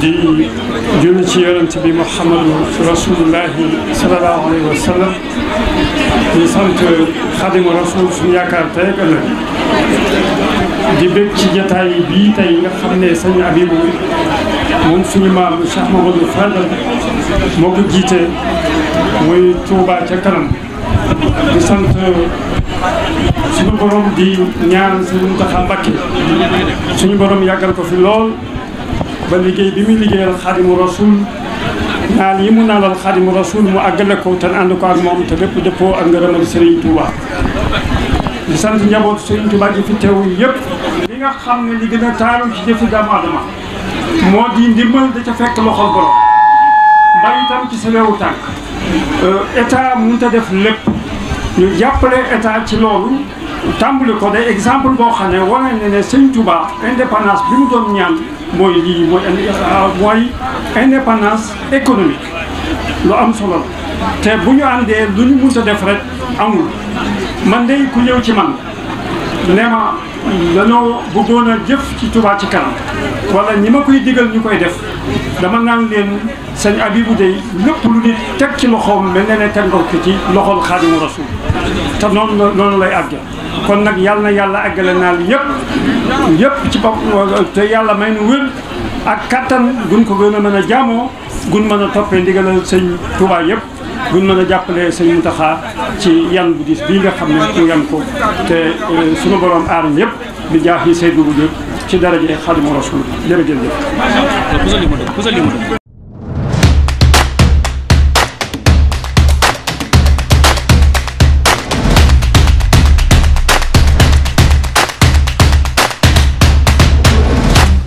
di julli ci bi Muhammadu rasulullahi sallallahu alayhi wa sallam di sant xadimu rasul suñu yaakaar tey ëllëg di bëgg ci jataay bii tey nga xam ne sëñ Abibu moom suñu maam Cheikh Mamadou Fadal moo ko jiite mooy Touba ca kanam di sant suñu borom di ñaan suñu Muntaxa Mbakke suñu borom yàggal ko fi lool ba liggéey bi muy liggéeyal xadimu rasul naal yi mu naalal xadimu rasul mu àggale ko te ko ak moom te lépp dëppoo ak ngërëmal Serigne Touba. di sant njaboot Serigne Touba fi teew yëpp. li nga xam ne li gën a taaru ci jëfi doomu aadama moo di ndimbal da ca fekk loxol borom mbay itam ci sa réewu tànk euh, état mënut def lépp ñu jàppale état ci loolu. tàmbali ko day exemple boo xam ne wane na ne sëñ Touba indépendance bi mu doon ñaan mooy lii mooy ah, mooy indépendance économique lu am solo te bu ñu àndee lu ñu mënta def rek amul man day ku ñëw ci man ne ma danoo bëggoon a jëf ci Touba ci kanam wala ñi ma koy digal ñu koy def dama naan leen sëñ Abibu day lépp lu nit teg ci loxoom mel ne ne teg nga ko ci loxol Xaadimu Rasuul te noonu noonu lay àgg kon nag yàlla na yàlla àggale naal yëpp yëpp ci bopp te yàlla may nu wér ak kàttan gun ko gën a mën a jàmmoo gun mën a toppee ndigalal sëñ Tuubaa yëpp gun mën a jàppale jàppalee sëñ Muntaxa ci yan bu diis bii nga xam ne mu yan ko te eh, suñu borom aar ñëpp di jaax yi say dugub ci daraje Xaadimu Rasuul jërëjëf